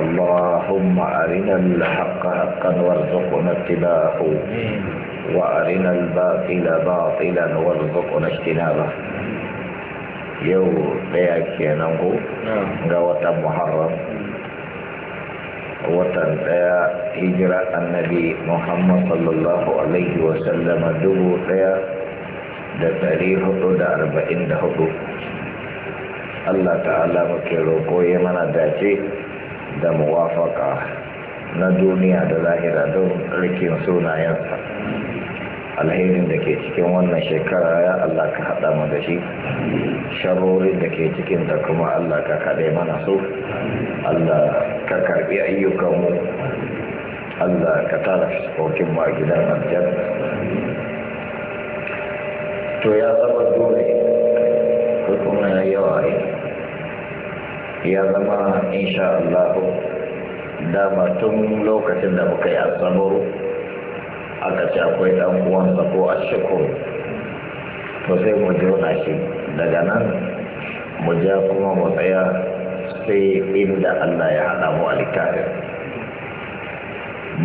اللهم أرنا الحق حقا وارزقنا اتباعه وأرنا الباطل باطلا وارزقنا اجتنابه يو بيك يا نمو نعم. غوتا محرم غوتا بيا هجرة النبي محمد صلى الله عليه وسلم دو بيا دتاريه دا أربعين دهو الله تعالى مكيرو كوي من داتي da muwafaka na duniya da zahira don rikin sunayensa alherin da ke cikin wannan shekara ya Allah ka haɗa mu da shi sharorin da ke cikin da kuma Allah ka kaɗe mana su, Allah ka karɓi ayyukanmu Allah ka tara shokin mu a gidan aljanna to ya zama dole ko kuma yawa aiki ya zama insha Allah dama tun lokacin da muka yi asabar aka ce akwai ɗan uwansa ko ashikur to sai mu jona shi daga nan mu ja kuma mu tsaya sai inda Allah ya haɗa mu a littafin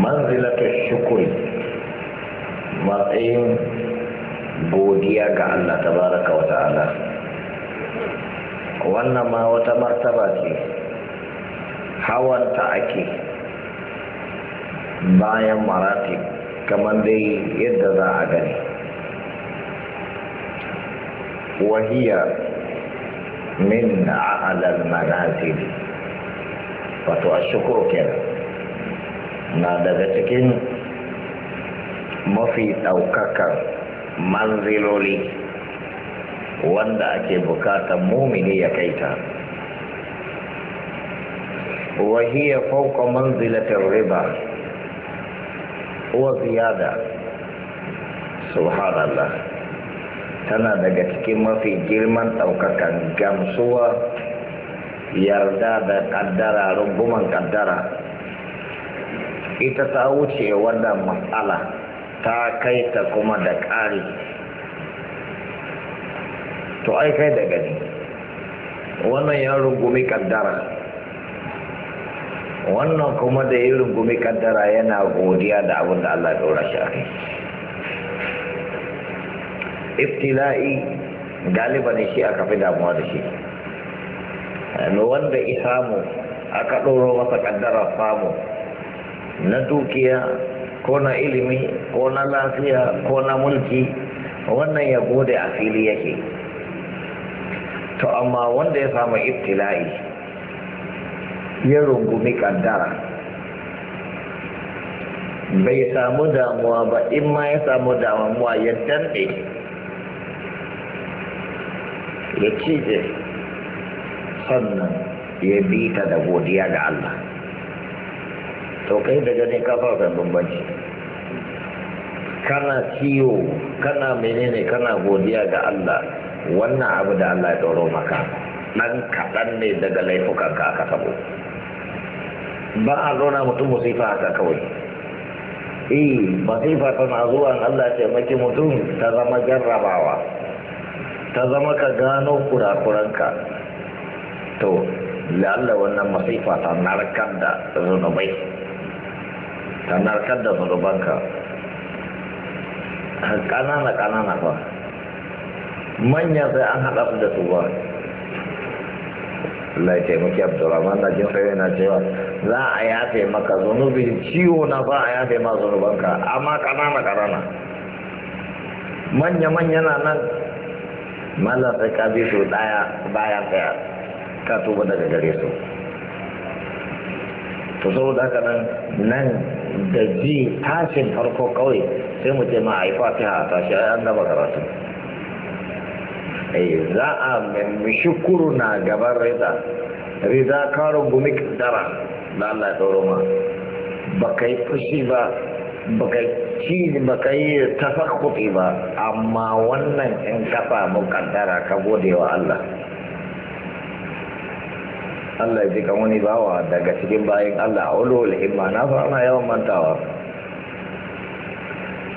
manzilata shukuri matsayin godiya ga Allah tabaraka wata ta'ala wannan ma wata martaba ce hawanta ake bayan marati kamar dai yadda za a gani wahiya min a'alal manazili wato a shukurken na daga cikin mafi ɗaukakan manziloli wanda ake bukatan mumini ya kai ta وهي فوق منزلة riba wa ziyada subhanallah tana daga cikin mafi girman ɗaukakan gamsuwa yarda da ƙaddara rubuman ƙaddara ita ta wuce wannan matsala ta kai ta kuma da ƙari to ai kai da gani wannan ya rungumi kaddara wannan kuma da ya rungumi kaddara yana godiya da abin da Allah ɗora shi a kai iftila'i galiba ne shi aka fi damuwa da shi wanda isamu mu aka ɗoro masa kaddara samu na dukiya ko na ilimi ko na lafiya ko na mulki wannan ya gode a fili yake to amma wanda ya samu iftilai, ya rungumi kaddara bai samu damuwa ba in ma ya samu damuwa ya danɗe ya cije sannan ya bi ta da godiya ga Allah to kai da gani ka fara bambanci kana ciwo kana menene kana godiya ga Allah wannan abu da Allah ya ɗoro maka ɗan kaɗan ne daga laifukanka aka sabo ba a zauna mutum musifa haka kawai eh musifa tana zuwa Allah ya maki mutum ta zama jarrabawa ta zama ka gano kurakuranka to lalla wannan musifa ta narkar da zunubai ta narkar da zunubanka ƙanana ƙanana fa manya sai an haɗa da su ba Allah ya taimaki Abdurrahman na jin sai yana cewa za a yafe maka zunubin ciwo na ba a yafe ma zunubanka amma ƙanana ƙanana manya manya na nan mala sai ka bi su ɗaya bayan daya ka tuba daga gare su to saboda haka nan nan da ji tashin farko kawai sai mu ce ma a yi fatiha a tashi an gaba karatu za a shukuru na gaban rida rida karin gumi dara da Allah ya ma ba ka fushi ba ba ka ci ba ka yi tafakkuɗi ba amma wannan in kafa mu kaddara ka gode wa Allah Allah ji kan wani bawa daga cikin bayan Allah a wani himma na fara yawan mantawa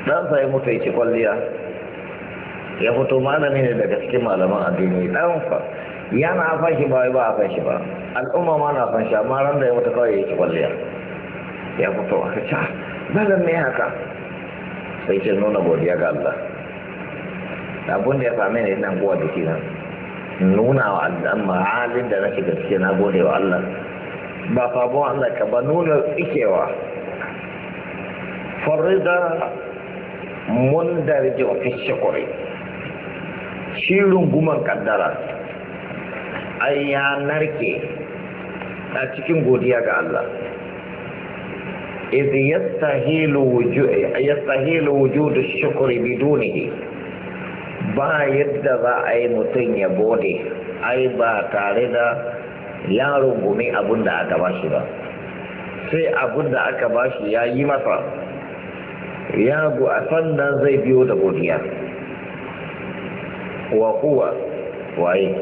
ɗansa ya mutu ya ci kwalliya ya fito malami ne daga cikin malaman addini ɗan fa yana fashi ba ba a fashi ba al'umma ma na fashi amma ran da ya mutu kawai ci kwalliya ya fito a kaca ah, malam ne haka sai ce nuna godiya ga Allah abun da ya same ni nan kowa da nan nuna wa al'umma halin da na shiga na gode wa Allah ba sabon Allah ka ba nuna tsikewa farida mun darje fi shukuri shi runguman kaddara ai ya narke a cikin godiya ga Allah idh yastahilu wujudu yastahilu wujudu shukri bidunihi ba yadda za a yi mutum ya bode ai ba tare da ya rungumi abin da aka ba shi ba sai abin da aka ba shi ya yi masa ya gu a sannan zai biyo da godiya وهو وعيد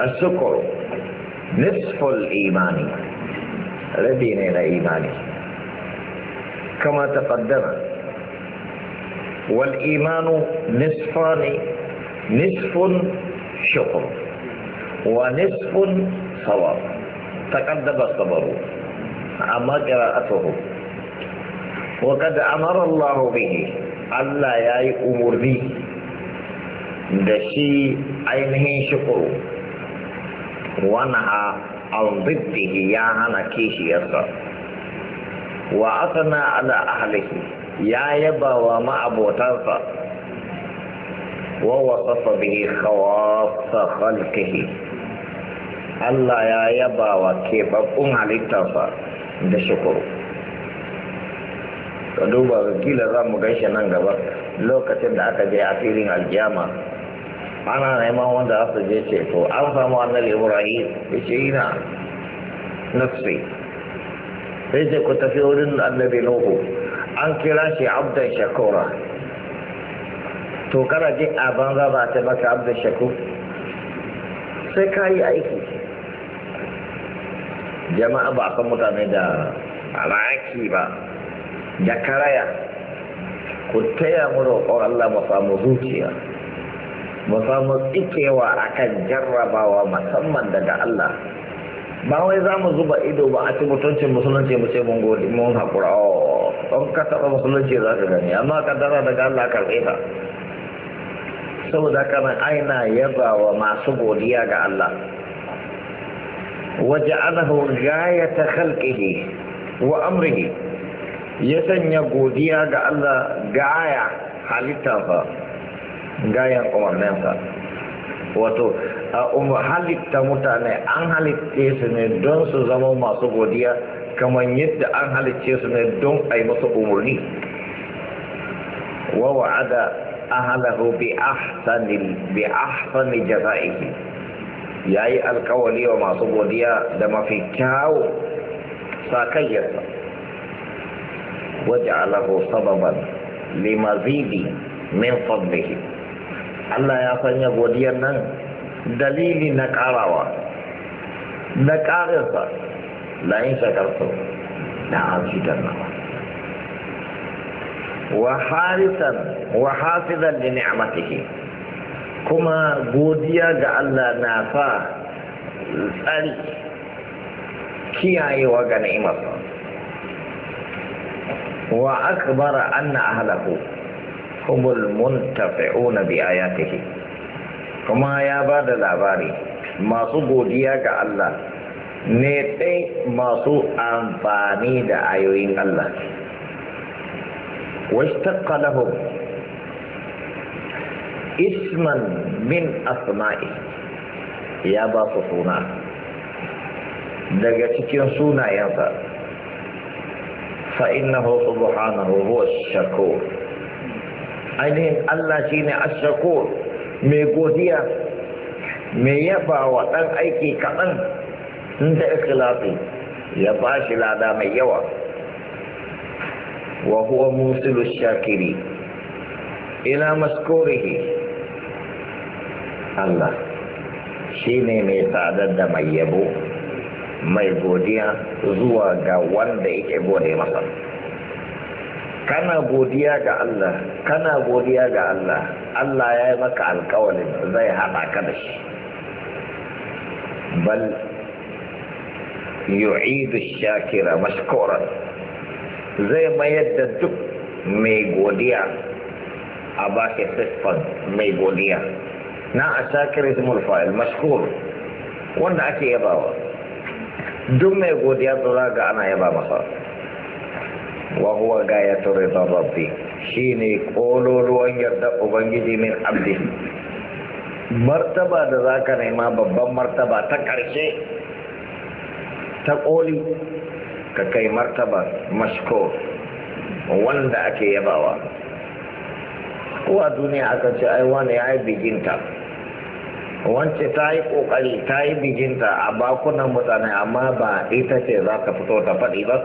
السكر نصف الإيمان الذين إلى إيماني كما تقدم والإيمان نصفان نصف شكر ونصف صواب تقدم الصبر أما قراءته وقد أمر الله به ألا يأي به da shi ainihin shukuru wannan a ziddihi ya hana kishiyarsa wa asana ala ahlihi ya yaba wa ma'abotansa wa wasafa bihi khawasa khalqihi Allah ya yaba wa keɓaɓɓun halittarsa da shukuru ka duba kila za mu gaishe nan gaba lokacin da aka je a filin aljiyama. ana neman wanda aka je ceto an samu annabi ibrahim ya ce na nafsi sai ce ku tafi wurin annabi nuhu an kira shi abdan shakura to kana jin a banza ba ta maka abdan shakur sai ka yi aiki jama'a ba san mutane da raki ba da karaya ku taya mu roƙon Allah mu samu zuciya mu samu a kan jarrabawa musamman daga Allah ba wai za mu zuba ido ba a ci mutuncin musulunci mu ce mun gode mun haƙura o oh, don ka taɓa musulunci za ka gani amma ka dara daga Allah karɓe ka saboda kana aina yaba wa masu godiya ga Allah waje anahu ta khalqihi wa amrihi ya sanya godiya ga Allah gaya ba gayan umarninsa wato a um, halitta mutane an halicce su ne don su zama masu godiya kamar yadda an halicce su ne don a yi masu umarni wa wa'ada ahalahu bi ahsanil bi ahsani jaza'ihi yayi alkawari wa masu godiya da mafi kyawu sakayyarsa waja'alahu sababan limazidi min fadlihi Allah ya sanya godiyar nan dalili na ƙarawa na ƙararsa layin shakarsa da amshitar nawa wa harisan wa hafizan da ni'amatihi kuma godiya ga Allah na sa tsari kiyayewa ga ni'imarsa wa akbara na ahlahu humul muntafi'una bi ayatihi kuma ya ba da labari masu godiya ga Allah ne ɗai masu amfani da ayoyin Allah واشتق لهم min asma'i ya يا باص suna. daga cikin sunayensa fa innahu subhanahu huwa shakur ainihin Allah shi ne ashako mai godiya mai yaba wa ɗan aiki kaɗan da ikhlasi ya ba shi lada mai yawa wa huwa musulu shakiri ila maskurihi Allah shi ne mai sadar da mai yabo mai godiya zuwa ga wanda yake gode masa. kana godiya ga Allah kana godiya ga Allah Allah ya yi maka alkawalin zai haɗa ka da shi bal yu'idu shakira mashkuran zai mayar da duk mai godiya a ba shi siffan mai godiya na a shakir ismul fa'il mashkur wanda ake yabawa duk mai godiya tsora ga ana yaba masa wa huwa gayatu ridha rabbi shine kololuwan yarda ubangiji min abdi martaba da zaka nema babban martaba ta karshe ta koli ka kai martaba mashko wanda ake yabawa kowa duniya aka ce ai wani ya yi biginta wance ta yi kokari ta yi biginta a bakunan mutane amma ba ita ce za ka fito ta faɗi ba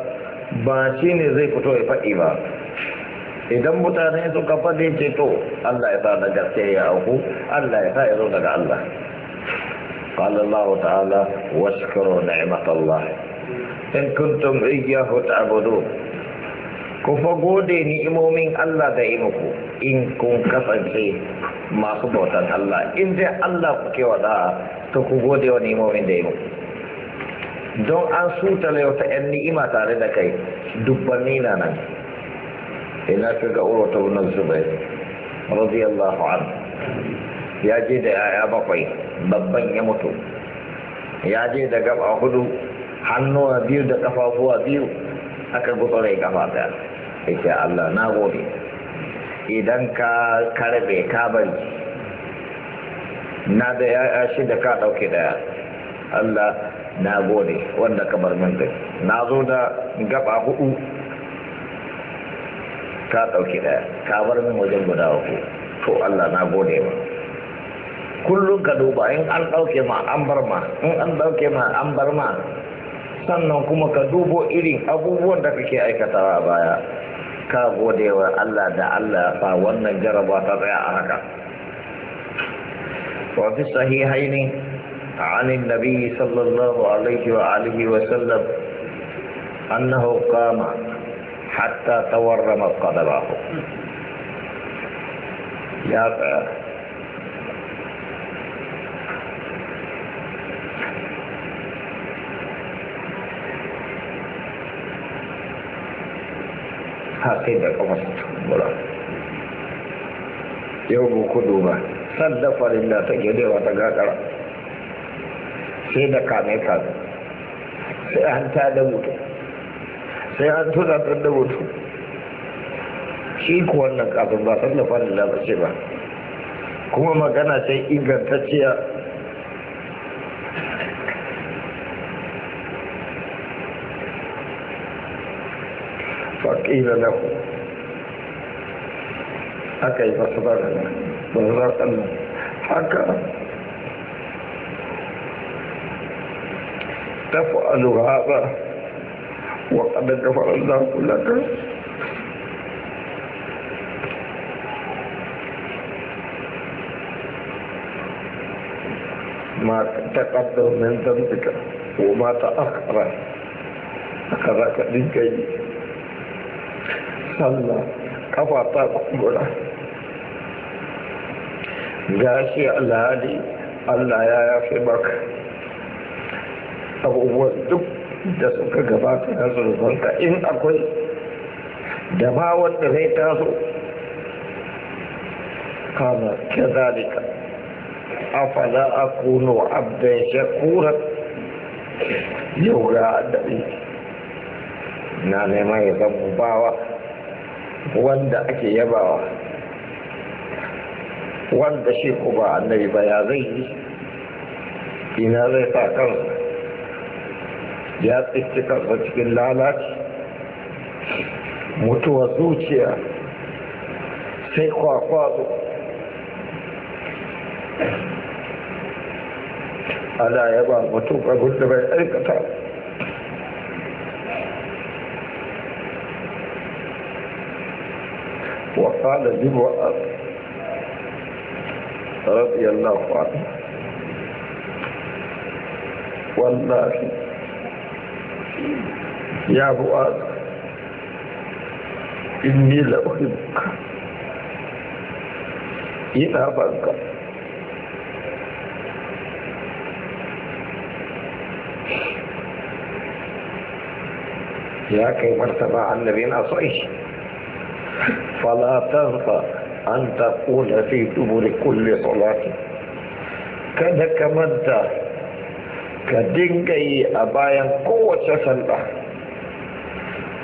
باچی نے زی پتو ایفا ایمان ایدم بتا دیں تو کپا دیں چی تو اللہ ایفا نجر سے یا اوکو اللہ ایفا ایدو نگا اللہ قال اللہ تعالی وشکرو نعمت اللہ ان کنتم ایہ تعبدو کفا گو دیں ایمو من اللہ دیں اوکو ان کن کفا دیں ماخبوتا اللہ ان دے اللہ کی وضا تو کفا دیں ایمو من دیں اوکو don an sutala wata ‘yan ni'ima tare da kai dubbanni na nan ina ka ga urwata wunan zubai radiyallahu an ya je da yaya bakwai babban ya mutu ya je da gaba hudu hannuwa biyu da kafafuwa biyu aka gutsura kafa daya yake Allah na gode idan ka karbe ka bari na da yaya da ka dauke daya Allah na gode wanda ka bar min na zo da gaba hudu ka dauki daya ka bar min wajen guda hudu to Allah na gode ma kullum ka duba in an dauke ma an bar ma in an dauke ma an bar ma sannan kuma ka dubo irin abubuwan da kake aikatawa baya ka gode wa Allah da Allah fa wannan jaraba ta tsaya a haka wa fi sahihaini عن النبي صلى الله عليه وآله وسلم أنه قام حتى تورم قدمه يا هاكي دا قمصت بلا يوم كدوما سلف لله تجده وتقاقر sai da kame kame sai an ta da mutu sai an tuna da mutu shi ku wannan kafin ba san da da ce ba kuma magana sai ingantacciya faƙila na ku aka yi ba na ba za haka تفعل هذا وقد كفر الله لك ما تقدر من ذنبك وما تأخر من لكي صلى كفى تقبله gashi alhali الله يا يا شبك abubuwan duk da suka gabata na zurfanka in akwai da ba wanda zai taso kama kazalika a kuno abdan shakura yau ga daɗi na neman ya zama bawa wanda ake yabawa wanda shi ku ba annabi ba ya zai yi ina zai sa kansa ya tsinci kansa cikin lalaci mutuwa zuciya sai kwakwazo ala ya ba mutum abin da bai aikata وقال لمعاذ رضي الله عنه والله يا فؤاد إني لأحبك إذا بنك يا كيف ارتفع النبي نبينا فلا تنسى أن تقول في دبر كل صلاة كذا كمدة كدنجي أبايا قوة سلطة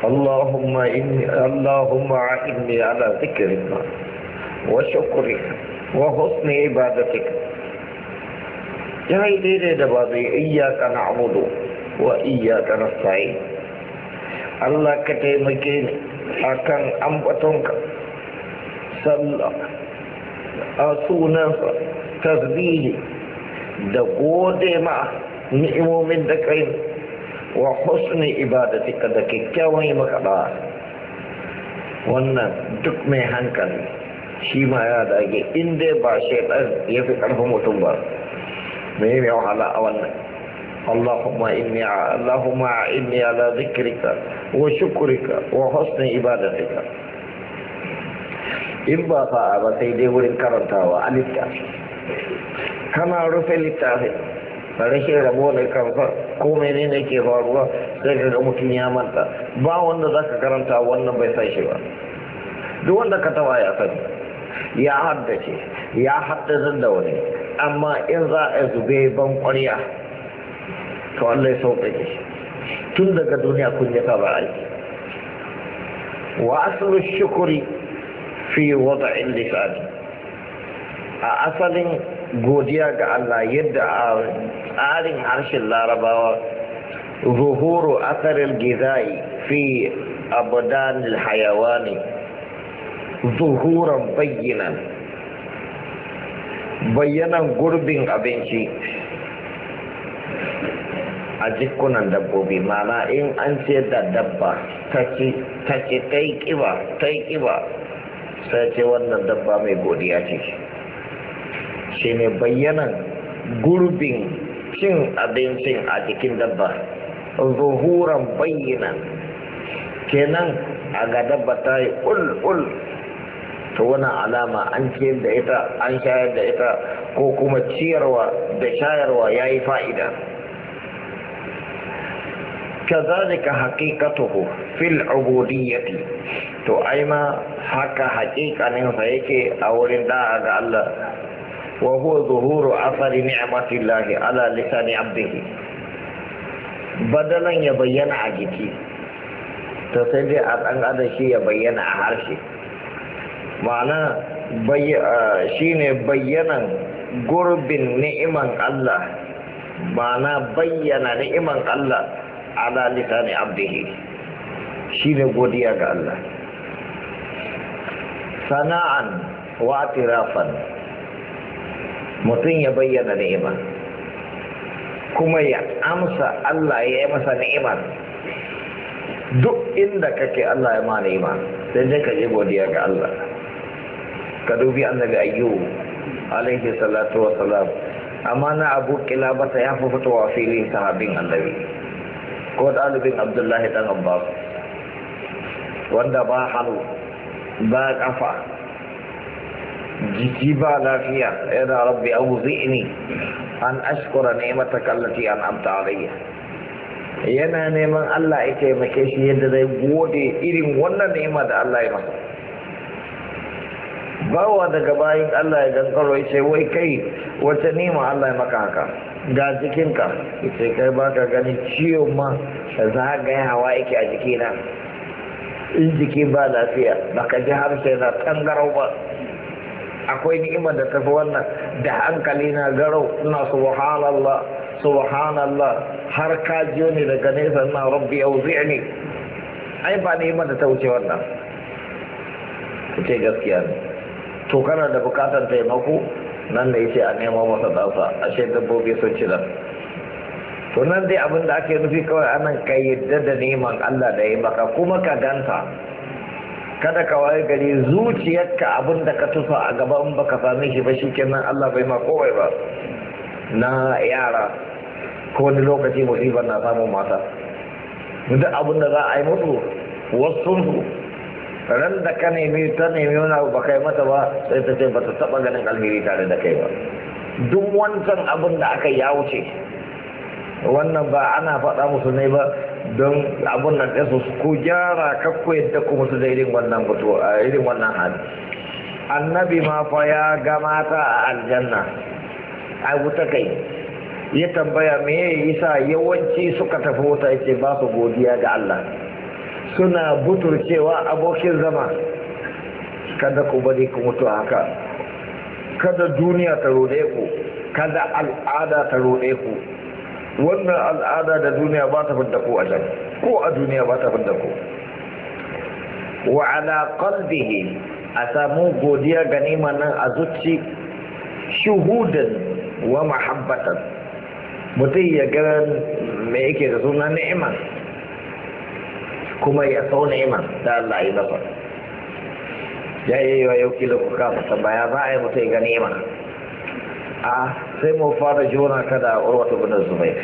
اللهم إني اللهم أعني على ذكرك وشكرك وحسن عبادتك yayi daidai da ba zai iyaka na abudu wa Allah ka taimake ni akan ambatonka sallah a sunansa tasbihi da gode ma ni'imomin da kai wa husni ibadatika da kyakkyawan yi maka da'a wannan duk mai hankali shi ma ya dage inda ba shaitan ya fi karfin mutum ba mai mai wahala a wannan اللهم إني اللهم إني على ذكرك وشكرك وحسن عبادتك in ba fa'a ba sai dai wurin karantawa a littafi kana rufe littafin rashin rabo da kansa ko ne ke faruwa sai ka ga mutum ya manta ba wanda za ka karanta wannan bai sa shi ba duk wanda ka taba ya sani ya haddace ya haddace da wani amma in za a zube ban kwarya to Allah ya sauƙaƙe tun daga duniya kun ya saba aiki wa asalin shukuri fi wata lisani a asalin godiya ga Allah yadda a tsarin harshen larabawa zuhuru asarin gizai fi abudanil hayawani zuhuran bayyanan bayyanan gurbin abinci a jikunan dabbobi mana in an ce da dabba ta ce ta yi kiba ta yi kiba sai ce wannan dabba mai godiya ce shi ne bayyanan gurbin cin abincin a jikin dabba zuhuran bayyana kenan a ga dabba ta yi ul-ul ta wani alama an ciyar da ita an shayar da ita ko kuma ciyarwa da shayarwa ya yi fa'ida kazalika haqiqatuhu fil ubudiyyati to ai ma haka haƙiƙaninsa yake a wurin da'a ga Allah wa huwa zuhuru asari ni'amati llahi ala lisani abdihi badalan ya bayyana a jiki to sai dai a dan ada ya bayyana a harshe ma'ana bayyana shine bayyana gurbin ni'iman Allah ma'ana bayyana ni'iman Allah ala lisani abdihi shine godiya ga Allah sana'an wa atirafan mutum ya bayyana ni'ima kuma ya amsa Allah ya yi masa ni'ima duk inda kake Allah ya ma ni'ima sai dai ka je godiya ga Allah ka dubi annabi ayyubu alaihi salatu wa salam amma na abu kilabata ya fi fitowa filin sahabin annabi ko ɗalibin abdullahi dan abbas wanda ba hannu ba kafa jiki ba lafiya yana rabbi auzi'ni an ashkura ni'mataka allati an'amta alayya yana neman Allah ya taimake shi yadda zai gode irin wannan ni'ima da Allah ya masa bawa daga bayan Allah ya gankaro ya ce wai kai wata nima Allah ya maka haka ga jikinka ya ce kai baka gani ciwo ma gaya hawa yake a jikina in jiki ba lafiya baka ji sai na tangarau ba akwai ni'imar da tafi wannan da hankali na garau ina subhanallah subhanallah har ka jiyo ne daga nesa na rabbi ne ai ba ni'imar da ta wuce wannan ce gaskiya ne to kana da bukatar taimako nan da yace a nemo masa dasa ashe dabbobi sun ci nan to nan dai abin da ake nufi kawai anan ka yadda da neman Allah da ya maka kuma ka ganta kada ka waye gari zuciyarka abin da ka tufa a gaban in baka same shi ba shikenan Allah bai ma kowai ba na yara ko wani lokaci musibar na samun mata duk abin da za a yi mutu wasu ran da ka nemi ta nemi wani abu ba kai mata ba sai ta ce ba ta taba ganin alheri tare da kai ba duk wancan abin da aka ya wuce wannan ba ana faɗa musu ne ba don abun nan su. ku gyara kakku yadda ku musu da irin wannan batu a irin wannan hali annabi ma fa ya ga mata a aljanna a wuta kai ya tambaya me ya sa yawanci suka tafi wuta yake ba su godiya ga Allah suna buturcewa abokin zama kada ku bari ku mutu haka kada duniya ta rode ku kada al'ada ta rode ku wannan al'ada da duniya ba ta fidda ko a can ko a duniya ba ta fidda ko wa ala qalbihi a samu godiya ganima nan a zuci shuhudan wa mahabbatan mutum ya ga me yake da suna ni'ima kuma ya sau ni'ima da Allah ya dafa ya yi wa yau kila kuka masa baya ba a yi mutum ya ga ni'ima a sai mu fara jona ka da urwatu bin zubair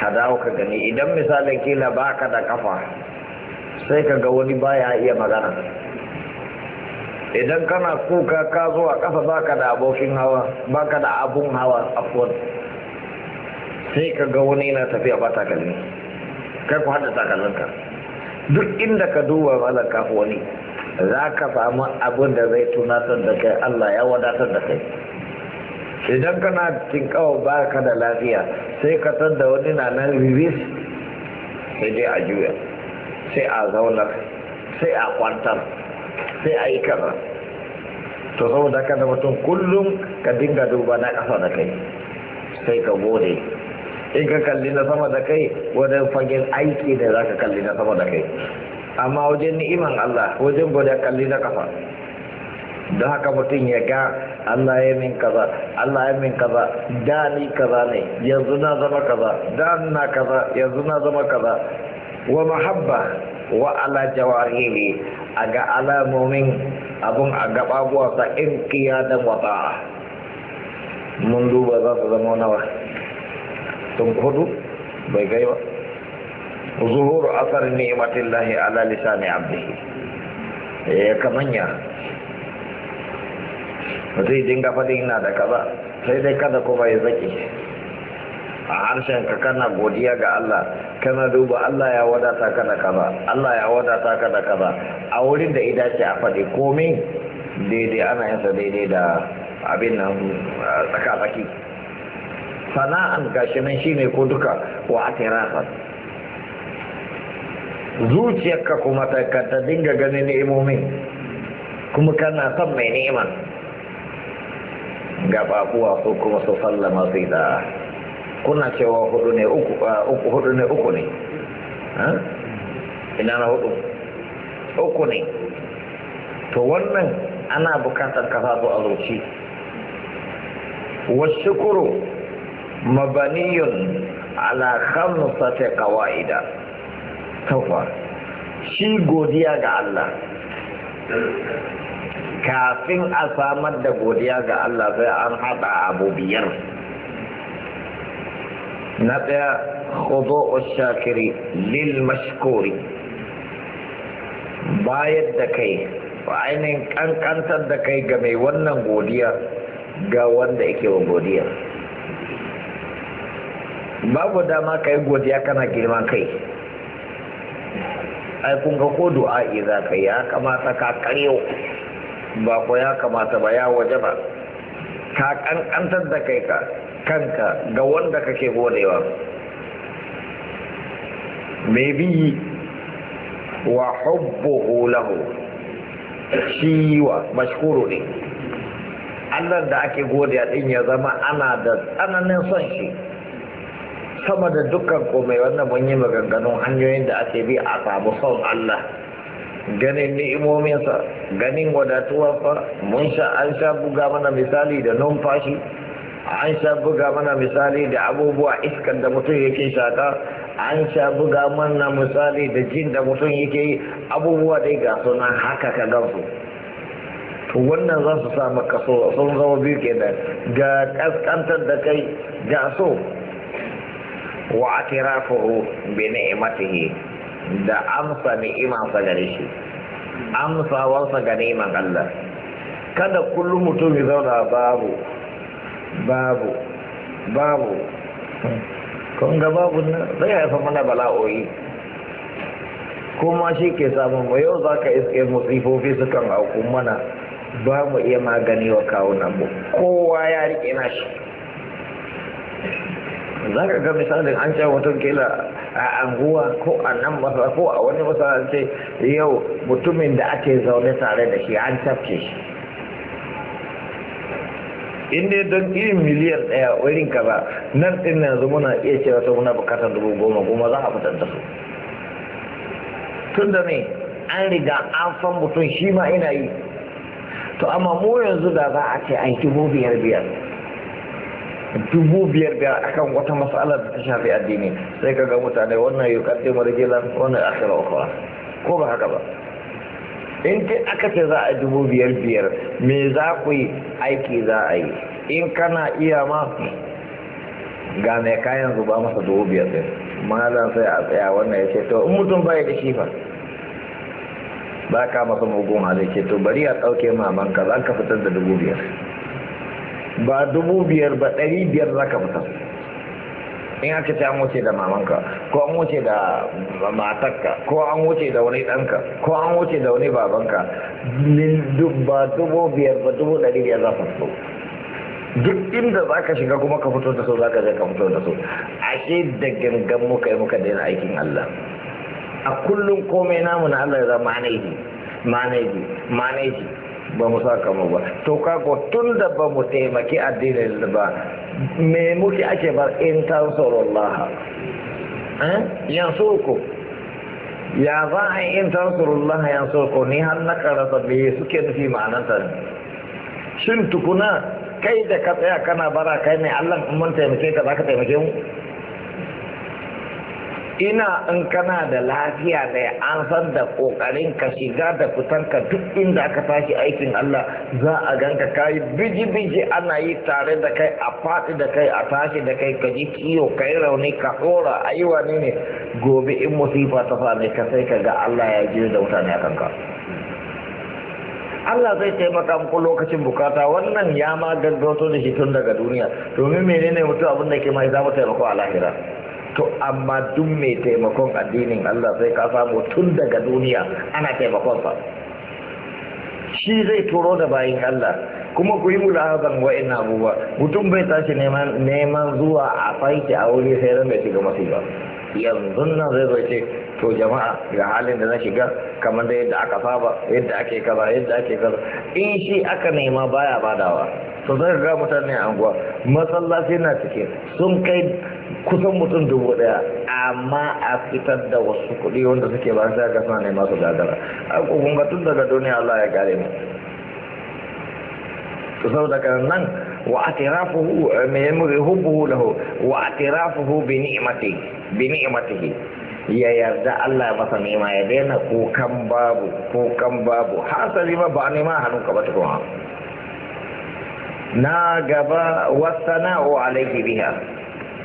ka dawo ka gani idan misalin kila baka da kafa sai ka ga wani baya iya magana idan kana kuka ka zo a kafa ka da abokin hawa baka da abun hawa afwan sai ka ga wani yana tafiya ba takalmi kai ku hada takalminka duk inda ka duba malam kafa wani za ka samu abin da zai tunatar da kai Allah ya wadatar da kai idan kana cikin kawo ba ka da lafiya sai ka da wani na nan ribis sai dai a juya sai a zaunar sai a kwantar sai a yi kara to saboda ka da mutum kullum ka dinga duba na ƙasa da kai sai ka gode in ka kalli na sama da kai wajen fagen aiki da za ka kalli na sama da kai amma wajen ni'iman Allah wajen gode kalli na ƙasa don haka mutum ya ga Allah ya min kaza Allah ya min kaza da ni kaza ne yanzu na zama kaza da na kaza yanzu na zama kaza wa mahabba wa ala jawahiri a ga alamomin abun a gaba buwasa in kiyadan wata mun duba za su zama nawa sun hudu bai gai ba zuhuru asar ni'matillahi ala lisani abdihi ya eh, kamanya zai dinga faɗi ina da kaza sai dai kada kuma ya zaki a harshen ka kana godiya ga Allah kana duba Allah ya wadata ka da kaza Allah ya wadata ka da kaza a wurin da ida ce a faɗi komai daidai ana yin sa daidai da abin nan tsaka-tsaki sana'an gashi nan shi ne ko duka wa a atirasa zuciyarka kuma ta dinga ganin ni'imomi kuma kana son mai ni'imar gababuwa ko kuma su sallama su da kuna cewa hudu ne uku hudu ne uku ne ina na hudu uku ne to wannan ana bukatar kasa su a zuci wasu kuro mabaniyun ala khamsati qawaida tafa shi godiya ga Allah kafin a samar da godiya ga Allah sai an haɗa abu biyar na ɗaya hobo shakiri lil mashkuri bayar da kai ainihin ƙanƙantar da kai ga mai wannan godiya ga wanda yake wa godiya babu dama ka yi godiya kana girman kai ai kun ga ko du'a'i za ka yi ya kamata ka karyo ba ko ya kamata ba ya waje ba ka kankantar da kai ka kanka ga wanda kake godewa mai biyi wa hubbuhu lahu shi wa mashkuru ne Allah da ake godiya din ya zama ana da tsananin son shi sama da dukkan komai wannan mun yi maganganun hanyoyin da ake bi a samu son Allah ganin ni'imominsa ganin wadatuwarsa mun sha an sha buga mana misali da numfashi an sha buga mana misali da abubuwa iskan da mutum yake shaka an sha buga mana misali da jin da mutum yake yi abubuwa dai ga sunan haka ka gansu to wannan za su samu kaso sun zama biyu da ga kaskantar da kai ga so wa atirafu bi ni'matihi da amsa ni'imansa gare shi amsawarsa ga neman Allah kada kullum mutum ya zauna babu babu babu kun babu nan zai haifar mana bala'o'i kuma shi ke samun mu yau za ka iske musifofi sukan auku mana ba mu iya magani wa kawunanmu mu kowa ya riƙe nashi za ka ga misalin an sha mutum kila a anguwa ko a nan masa ko a wani masalance yau mutumin da ake zaune tare da shi an tafke shi in don irin miliyan ɗaya wurin kaza nan ɗin yanzu muna iya cewa ta muna bukatar dubu goma goma za a fitar da su tun da ne an riga an san mutum shi ma ina yi to amma mu yanzu da za a ce an dubu biyar biyar dubu biyar da akan wata matsalar da ta shafi addini sai ka ga mutane wannan yi kaddi marigilan wannan akira ukura ko ba haka ba in kai aka ce za a dubu biyar biyar me za ku yi aiki za a yi in kana iya ma ga mai kayan zuba masa dubu biyar sai malam sai a tsaya wannan ya ce to in mutum baya da shi fa ba ka masa mugun halin ce to bari a ɗauke mamanka za ka fitar da dubu biyar ba dubu biyar ba ɗari biyar za ka fita, in aka ce an wuce da mamanka ko an wuce da matakka ko an wuce da wani ɗanka ko an wuce da wani babanka ba dubu biyar ba dubu ɗari biyar za ka fito duk inda za ka shiga kuma ka fito da so za ka je ka fito da so ake da gangan muka yi muka daina aikin Allah a kullum komai namu na Allah ya zama maneji maneji maneji ba mu saka mu ba to kako tun da ba mu taimaki addinin ba me muke ake bar in tansurullah eh? yansurku ya za a in tansurullah yansurku ni har na karasa me suke nufi ma'ananta shin tukuna kai da ka tsaya kana bara kai ne Allah in mun taimake ka za ka taimake mu ina in kana da lafiya da ya an san da kokarin ka shiga da fitanka duk inda aka tashi aikin Allah za a ganka kai biji biji ana yi tare da kai a faɗi da kai a tashi da kai ka ji ka yi rauni ka a yi wani ne gobe in musifa ta same ka sai ka ga Allah ya je da wuta ne a kanka Allah zai taimaka muku lokacin bukata wannan ya ma gaggauto da shi tun daga duniya domin menene mutum abin da ke mai za mu taimako a lahira to amma duk mai taimakon addinin Allah sai ka samu tun daga duniya ana taimakon sa shi zai turo da bayin Allah kuma ku yi mulahazan wa'in abubuwa mutum bai tashi neman zuwa a faiki a wuri sai ran bai shiga ba yanzu nan zai zai ce to jama'a ga halin da na shiga kamar da yadda aka saba yadda ake kaza yadda ake kaza in shi aka nema baya badawa to zai ga mutane a anguwa masallaci na cike sun kai kusan mutum dubu daya amma a fitar da wasu kuɗi wanda suke ba sai ga suna nema su gagara a kogon tun daga duniya Allah ya gare mu to saboda kan nan wa atirafuhu eh, mai yamri hubbuhu lahu wa atirafuhu bi ni'mati bi ni'matihi ya yarda Allah masa nema ya daina kokan babu kokan babu hasali ma ba nema hannun ka ba kuma na gaba wasana wa alaihi biha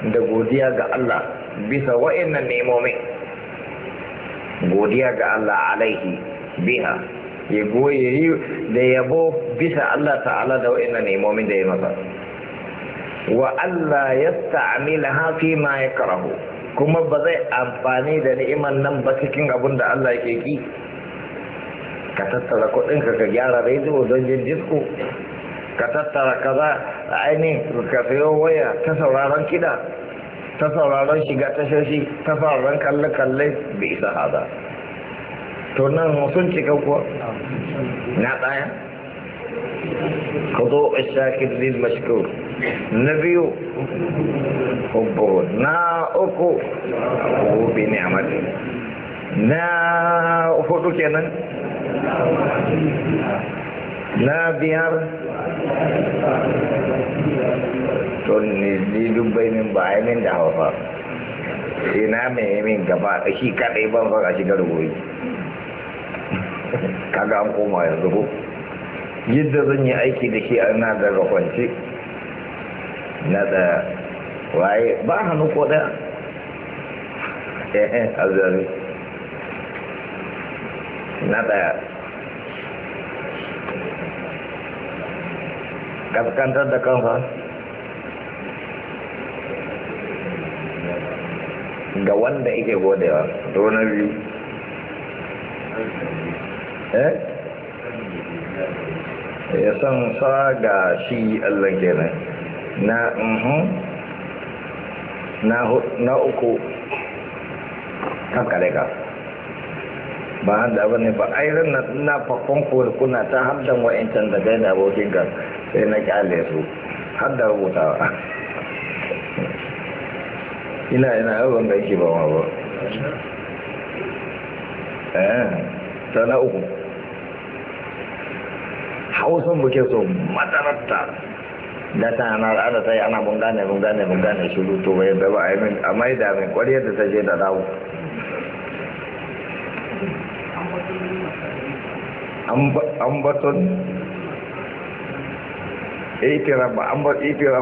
da godiya ga Allah bisa wa'annan nemomin godiya ga Allah alaihi biha ya goye da yabo bisa Allah ta'ala da wa'annan nemomin da ya masa wa Allah ya ta'amila hafi ma ya karahu kuma ba zai amfani da ni'iman nan ba cikin abin da Allah yake ki ka tattara kuɗinka ka gyara rediyo don jin disko ka tattara kaza a ainihin ka sayo waya ta sauraron kiɗa ta sauraron shiga tashoshi ta sauraron kalle-kalle bai isa haza to nan sun cika kuwa na ɗaya خضوع الساكن للمشكور نبي حبه نا أكو بنعمته نا أفضل كنا نا بيار to ni dubai min ba a min da hawa Ina sai na mai min gaba shi kadai ban fara shiga rubuwi kaga an koma ya ko yadda zan yi aiki da shi ana da kwanci na da waye ba hannu ko da? eh eh azari na daya kaskantar da kansa ga wanda ike godewa donar biyu eh ya san sa ga shi allah kenan na mhm. na uku kankare ka ba da wani ba airin na fafon kuna ta haddan wa'incan da gaina abokin gasa sai na kyale su har da rubutawa ina ina yawon da yake ba ma ba eh ta na uku hausan muke so matsararta da ta ana al'ada ta yi ana bungane bungane bungane su mun gane shiru da ba a yi min a mai da min kwariyar da ta je da dawo an baton itira ba an bar itira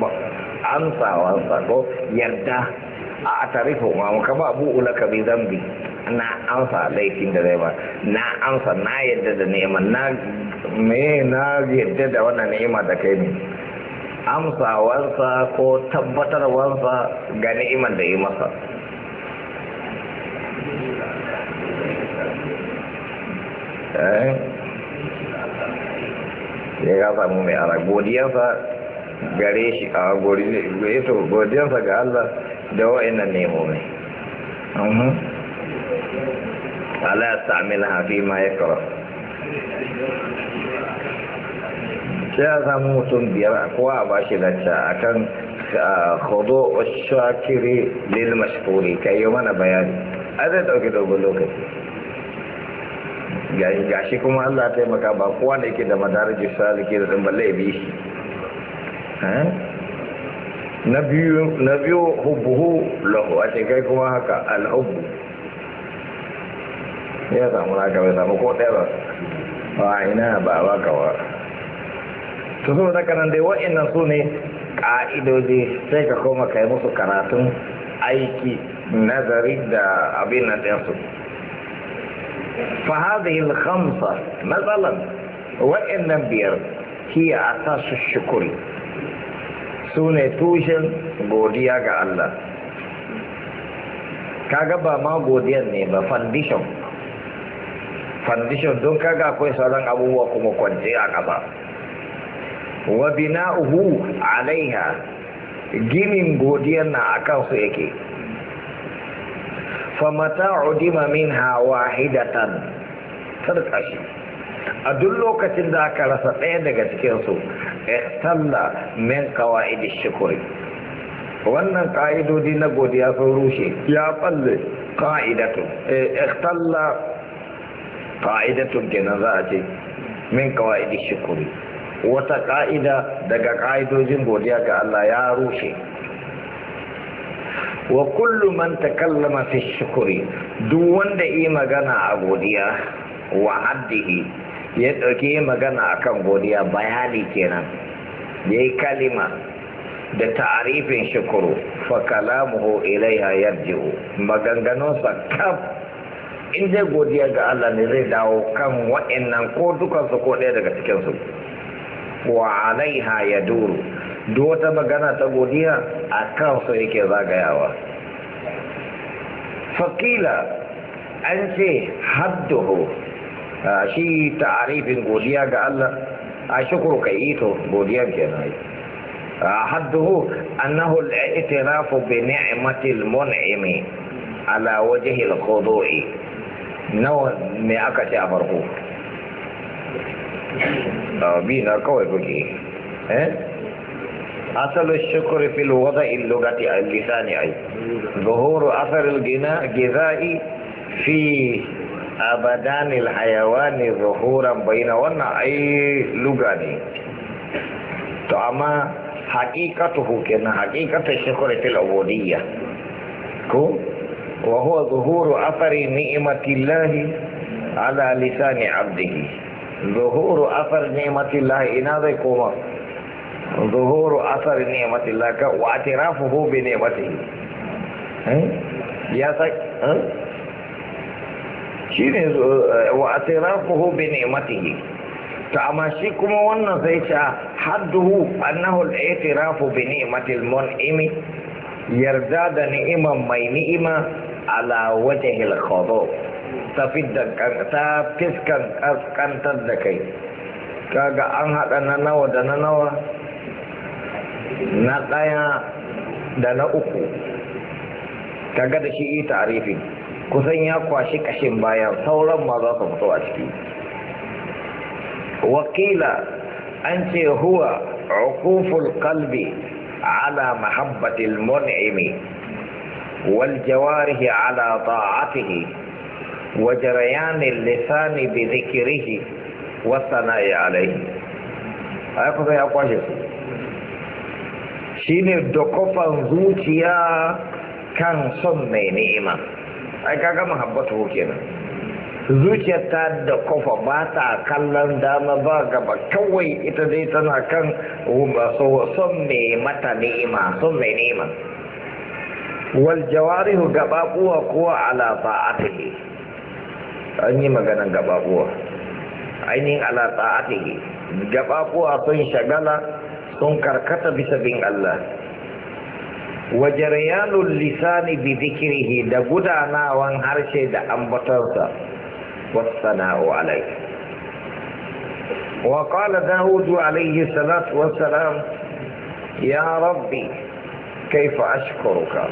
ba an sawa sako yarda a tarifu ma muka ba abu ulaka bi zambi na amsa laifin da zai ba na amsa na yadda da neman na me na yadda da wannan ni'ima da kai ne amsawarsa ko tabbatarwarsa ga ni'imar da yi masa eh ya ya samu mai ara godiyarsa gare shi a godiyarsa ga Allah da wa'annan nemo mai mhm. ala ya sami lahafi ma ya kara sai ya samu mutum biyar a kowa a bashi lacca a kan khudu shakiri lil mashi kai kayo mana bayani a zai dauki dogon lokaci gashi kuma Allah ta taimaka ba kowa ne yake da madarajin salike da dan balle bi shi eh? na biyu na hubbuhu lahu a ce kai kuma haka alhubbu ya samu naka bai samu ko ɗaya ba a ina ba ba kawa to so da kanan dai wa'annan su ne ƙa'idoji sai ka koma kai musu karatun aiki nazari da abin nan ɗansu. فهذه الخمسة مثلا وإن بير هي أساس الشكر سونة توشن godiya ga Allah kaga ba ma godiyar ne ba foundation foundation don kaga akwai sauran abubuwa kuma kwanci a gaba wa bina'uhu alaiha ginin godiyar na akan su yake famata udima minha wahidatan tarka shi a duk lokacin da aka rasa ɗaya daga cikinsu ihtalla min qawaid shukuri wannan ka'idodi na godiya sun rushe ya falle ka'idatu eh, ihtalla ka'idatu kenan za a ce min qawaid shukuri wata ka'ida daga ka'idojin godiya ga Allah ya rushe wa kullu man takallama fi shukuri duk wanda yi magana a godiya wa haddihi ya ɗauki yi magana kan godiya bayani kenan ya yi kalima da ta'arifin shukuru fa kalamuhu ilaiha yarji'u maganganunsa kaf in dai godiya ga Allah ne zai dawo kan wa'annan ko dukansu ko ɗaya daga cikinsu wa alaiha ya duru duk magana ta godiya a kan kansu yake zagayawa fakila an ce hadduhu shi ta'arifin godiya ga Allah a shukuru kai ito godiyan kenan hadduhu annahu al-i'tirafu bi ni'mati al-mun'imi ala wajhi al-khudu'i nawa me aka ce a farko a bi na kawai kuke eh أصل الشكر في الوضع اللغة اللساني أي ظهور أثر الغذاء في أبدان الحيوان ظهورا بين وانا أي لغة تعمى حقيقته كنا حقيقة الشكر في العبودية كو وهو ظهور أثر نعمة الله على لسان عبده ظهور أثر نعمة الله إنا ذي كومر ظهور اثر نعمه لك واعترافه بنعمته يا سي shine wa atirafuhu bi ni'matihi eh? eh? eh, ta amma shi kuma wannan sai ta ah, hadduhu annahu al-i'tirafu bi ni'matil mun'imi yarda da ni'iman mai ni'ima ala wajhi al-khadu ta fidda kan da kai kaga an haɗa na nawa da na nawa na ɗaya da na uku kaga da shi yi tarifin kusan ya kwashi ƙashin bayan sauran ma za su fito a ciki wakila an ce huwa rukuful kalbi ala mahabbatil mun'imi wal jawarihi ala ta'atihi wa jarayanil lisani bi dhikrihi wa sana'i alayhi ai kusa ya kwashe su Shi ne dokofan zuciya kan son mai ni'ima ai kaga mahabbatu nan. zuciyar ta da kofa ba ta kallon dama ba gaba kawai ita dai tana kan son mai mata ni'ima son mai ni'ima wal jawarihu gaba kuwa ala ta'atihi an yi maganan kuwa ainihin ala ta'atihi kuwa sun shagala sun karkata bisa bin Allah wa lisani bi dhikrihi da gudanawan harshe da ambatarsa wasana'u alai wa qala daud alayhi salatu wassalam ya rabbi kaifa ashkuruka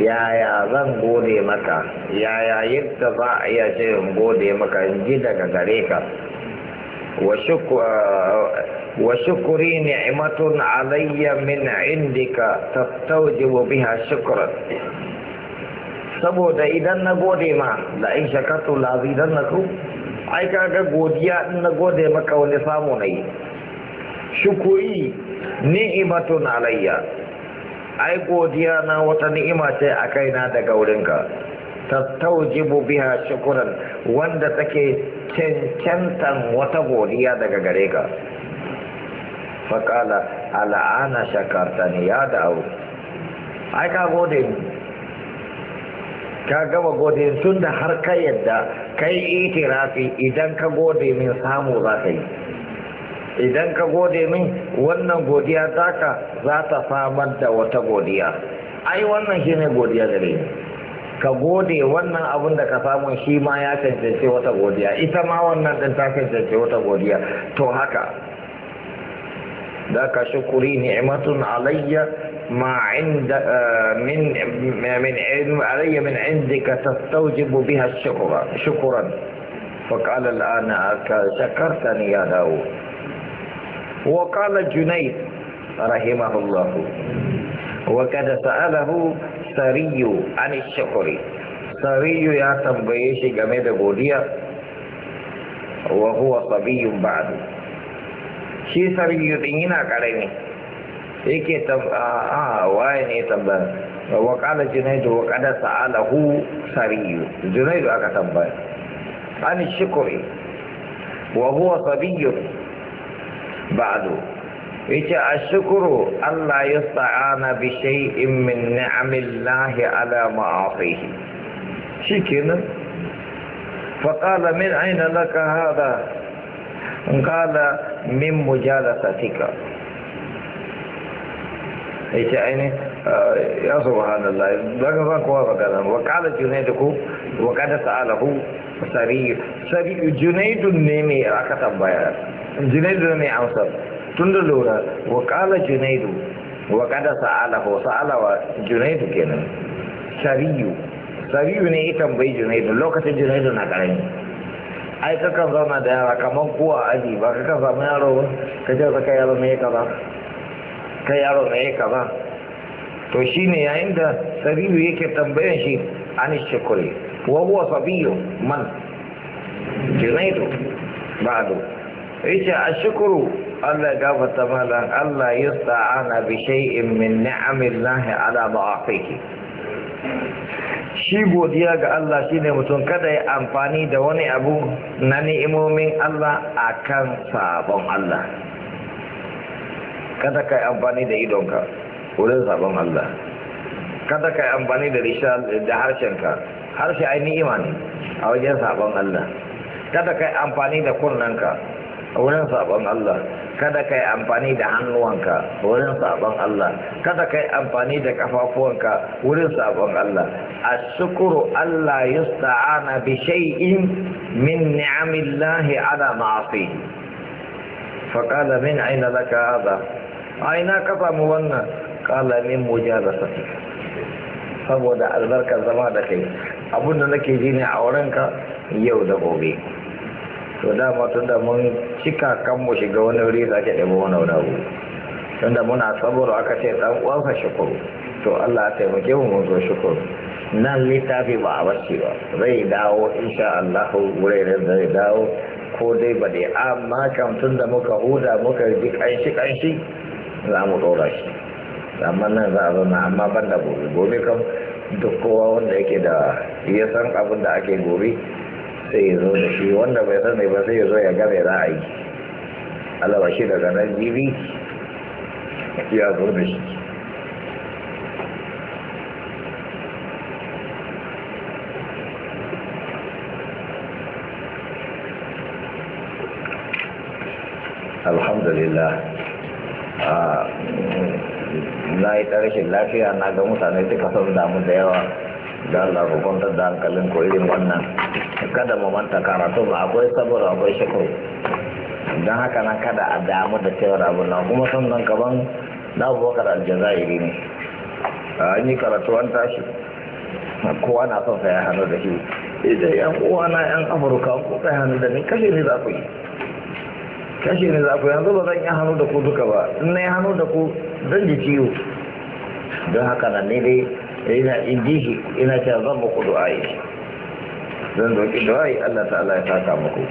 yaya zan gode maka yaya yadda za a iya ce gode maka in ji daga gare ka وشكري نعمة علي من عندك تستوجب بها شكرا saboda idan na gode ma da in shakartu idan na ku ai kaga godiya in na gode maka wani samu na yi shukuri ni'imatun alayya ai godiya na wata ni'ima ce a kaina daga wurinka tattaujibu biha shukuran wanda take cancantan wata godiya daga gare ka faƙala al'ana shakarta ne ya da'au ai ka gode ni ka gaba gode tun da har ka yadda kai itirafi idan ka gode min samu za ka yi idan ka gode min wannan godiya taka za ta samar da wata godiya ai wannan shine godiya gare ni ka gode wannan abin da ka samu shi ma ya cancanci wata godiya ita ma wannan ɗin ta cancanci wata godiya to haka ذاك شكري نعمة علي ما عند من من علم علي من عندك تستوجب بها الشكر شكرا فقال الآن شكرتني يا داود وقال جنيد رحمه الله وقد سأله sariyu an shakuri sariyu ya tambaye shi game da godiya wa huwa sabiyun ba'du shi sariyu din yana karami yake a waye ne tambaya wa qala junaidu wa qad sa'alahu sariyu junaidu aka tambaya an shakuri wa huwa sabiyun ba'du yace ashkuru Allah yasta'ana bi shay'in min ni'amillahi ala ma'asihi shikenan fa qala min ayna laka hada qala min mujalasatika yace aini ya subhanallah daga ba kowa magana wa qala junaiduku wa qad sa'alahu sari sari junaidun ne mai aka tambaya junaidun ne amsar tun da lura wa kala junaidu wa kada sa'alahu wa junaidu kenan sariyu sariyu ne ya tambayi junaidu lokacin junaidu na karami ai kakan zauna da yara kamar kuwa aji ba kakan zama yaro ba ka ce ka yaro mai kaza ka yaro mai kaza to shine yayin da sariyu yake tambayan shi an shukuri wa huwa sabiyu man junaidu ce a ashkuru Allah gafarta malan Allah ya yasta'ana bi shay'in min ni'amillahi ala da'afihi shi godiya ga Allah shine mutum kada ya amfani da wani abu na ni'imomin Allah akan sabon Allah kada ka yi amfani da idonka wurin sabon Allah kada ka yi amfani da da harshenka harshe ai ni'ima ne a wajen sabon Allah kada ka yi amfani da kunnanka a wurin sabon Allah kada ka yi amfani da hannuwanka wurin sabon Allah kada yi amfani da kafafuwanka wurin sabon Allah ashkuru Allah yusta'ana bi shay'in min ni'amillahi ala ma'asi faqala min aina laka hada aina ka samu wannan qala min mujalasati saboda albarkar zama da kai abunda nake ji ne a wurinka yau da gobe to dama tun da mun cika kanmu shiga wani wuri za ka ɗabo wani wuri abu tun da muna saboda aka ce ɗan uwansa shukuru to Allah ya taimake mu mun zo shukuru nan littafi ba a barci ba zai dawo insha Allah wuraren zai dawo ko dai ba dai amma kan tun da muka huda muka ji ƙanshi ƙanshi, za mu ɗora shi amma nan za a zauna amma ban da gobe gobe kam duk kowa wanda yake da ya san abin da ake gobe sai ya zo da shi wanda bai sani ba sai ya zo ya game za a yi alawa shi daga nan jibi ya zo da shi alhamdulillah ah, na yi rashin lafiya na ga mutane suka son damu da yawa da Allah ku kwantar da hankalin ko irin wannan kada mu manta karatu ba akwai saboda akwai shakuru don haka nan kada a damu da cewar abu nan kuma nan kaban na abubakar aljazairi ne an yi karatu an tashi kowa na son sai hannu da shi idan eh, yan uwa na yan afirka ko kai hannu da ni kashe ne za ku yi kashe ne za ku yi yanzu ba zan yi hannu da ku duka ba in na yi hannu da ku zan ji ciwo don haka nan ne dai ina indihi ina cewa zan muku du'a yi zan da du'a'i Allah ta'ala ya saka muku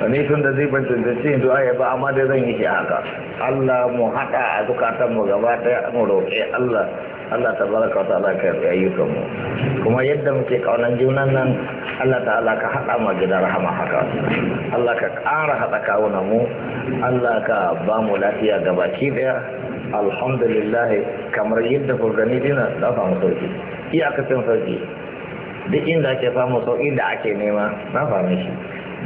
wani tun da zai bancin da cin du'a'i ba amma dai zan yi shi haka Allah mu haɗa a zukatan mu gaba ɗaya mu roƙi Allah Allah ta baraka wa ta'ala ka yi ayyukan mu kuma yadda muke kaunan junan nan Allah ta'ala ka haɗa mu gida rahama haka Allah ka ƙara haɗa kawunan mu Allah ka ba mu lafiya gabaki ɗaya alhamdulillah kamar yadda furgani dina da mu sauki iyakacin sauki duk inda ake samu sauƙi da ake nema na fahimci shi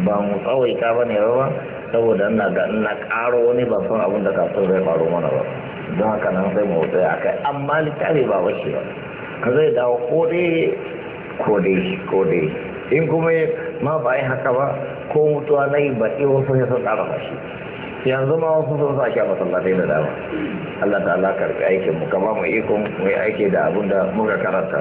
ba mu tsawaita ba ne ba saboda ina ga ina ƙaro wani ba san abin da kasuwar zai faru mana ba don haka nan sai mu tsaya a kai amma littafi ba wace ba ka zai dawo ko dai ko dai ko dai in kuma ma ba yi haka ba ko mutuwa na yi baƙi wasu ya san ƙara fashi yanzu ma wasu sun sa a masallatai da dama Allah ta Allah karbi aikin mu kama mu iko mu yi aiki da abun da muka karanta